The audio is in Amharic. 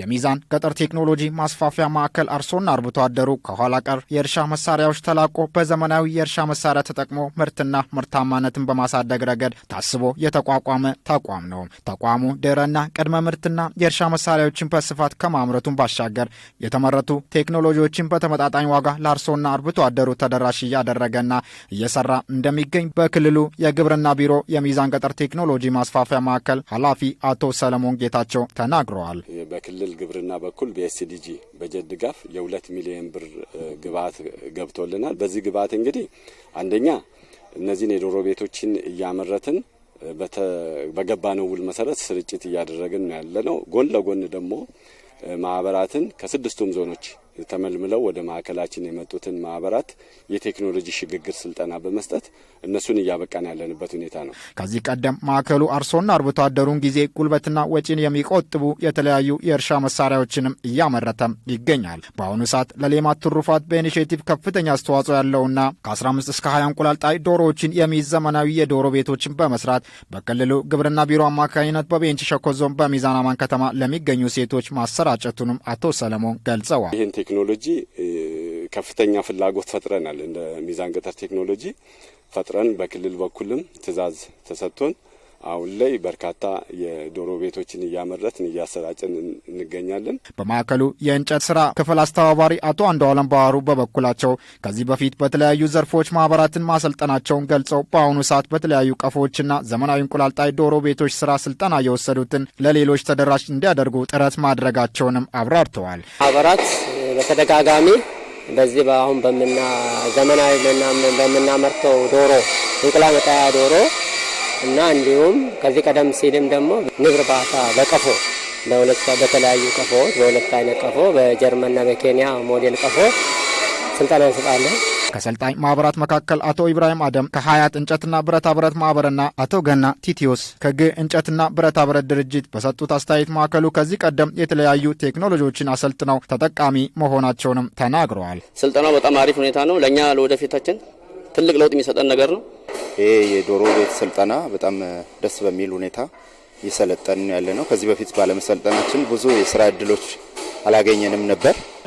የሚዛን ገጠር ቴክኖሎጂ ማስፋፊያ ማዕከል አርሶና አርብቶ አደሩ ከኋላ ቀር የእርሻ መሳሪያዎች ተላቆ በዘመናዊ የእርሻ መሳሪያ ተጠቅሞ ምርትና ምርታማነትን በማሳደግ ረገድ ታስቦ የተቋቋመ ተቋም ነው። ተቋሙ ድህረና ቅድመ ምርትና የእርሻ መሳሪያዎችን በስፋት ከማምረቱን ባሻገር የተመረቱ ቴክኖሎጂዎችን በተመጣጣኝ ዋጋ ለአርሶና አርብቶ አደሩ ተደራሽ እያደረገና እየሰራ እንደሚገኝ በክልሉ የግብርና ቢሮ የሚዛን ገጠር ቴክኖሎጂ ማስፋፊያ ማዕከል ኃላፊ አቶ ሰለሞን ጌታቸው ተናግረዋል። በክልል ግብርና በኩል በኤስዲጂ በጀት ድጋፍ የሁለት ሚሊዮን ብር ግብአት ገብቶልናል። በዚህ ግብአት እንግዲህ አንደኛ እነዚህን የዶሮ ቤቶችን እያመረትን በገባነው ውል መሰረት ስርጭት እያደረግን ያለ ነው። ጎን ለጎን ደግሞ ማህበራትን ከስድስቱም ዞኖች ተመልምለው ወደ ማዕከላችን የመጡትን ማህበራት የቴክኖሎጂ ሽግግር ስልጠና በመስጠት እነሱን እያበቃን ያለንበት ሁኔታ ነው። ከዚህ ቀደም ማዕከሉ አርሶና አርብቶ አደሩን ጊዜ ጉልበትና ወጪን የሚቆጥቡ የተለያዩ የእርሻ መሳሪያዎችንም እያመረተም ይገኛል። በአሁኑ ሰዓት ለሌማት ትሩፋት በኢኒሽቲቭ ከፍተኛ አስተዋጽኦ ያለውና ከ15 እስከ 20 እንቁላልጣይ ዶሮዎችን የሚይዝ ዘመናዊ የዶሮ ቤቶችን በመስራት በክልሉ ግብርና ቢሮ አማካኝነት በቤንች ሸኮ ዞን በሚዛን አማን ከተማ ለሚገኙ ሴቶች ማሰራጨቱንም አቶ ሰለሞን ገልጸዋል። ቴክኖሎጂ ከፍተኛ ፍላጎት ፈጥረናል። እንደ ሚዛን ገጠር ቴክኖሎጂ ፈጥረን በክልል በኩልም ትዕዛዝ ተሰጥቶን አሁን ላይ በርካታ የዶሮ ቤቶችን እያመረትን እያሰራጭን እንገኛለን። በማዕከሉ የእንጨት ስራ ክፍል አስተባባሪ አቶ አንዱ አለም ባህሩ በበኩላቸው ከዚህ በፊት በተለያዩ ዘርፎች ማህበራትን ማሰልጠናቸውን ገልጸው በአሁኑ ሰዓት በተለያዩ ቀፎዎችና ዘመናዊ እንቁላል ጣይ ዶሮ ቤቶች ስራ ስልጠና የወሰዱትን ለሌሎች ተደራሽ እንዲያደርጉ ጥረት ማድረጋቸውንም አብራርተዋል። ማህበራት በተደጋጋሚ በዚህ በአሁን በምና ዘመናዊ በምናመርተው ዶሮ እንቁላል መጣያ ዶሮ እና እንዲሁም ከዚህ ቀደም ሲልም ደግሞ ንብ ባታ በቀፎ በተለያዩ ቀፎዎች በሁለት አይነት ቀፎ በጀርመንና በኬንያ ሞዴል ቀፎ ስልጠና እንሰጣለን። ከሰልጣኝ ማህበራት መካከል አቶ ኢብራሂም አደም ከሀያት እንጨትና ብረታ ብረት ማህበርና አቶ ገና ቲቲዮስ ከግ እንጨትና ብረታ ብረት ድርጅት በሰጡት አስተያየት ማዕከሉ ከዚህ ቀደም የተለያዩ ቴክኖሎጂዎችን አሰልጥነው ተጠቃሚ መሆናቸውንም ተናግረዋል። ስልጠናው በጣም አሪፍ ሁኔታ ነው። ለእኛ ለወደፊታችን ትልቅ ለውጥ የሚሰጠን ነገር ነው። ይሄ የዶሮ ቤት ስልጠና በጣም ደስ በሚል ሁኔታ እየሰለጠን ያለ ነው። ከዚህ በፊት ባለመሰልጠናችን ብዙ የስራ እድሎች አላገኘንም ነበር።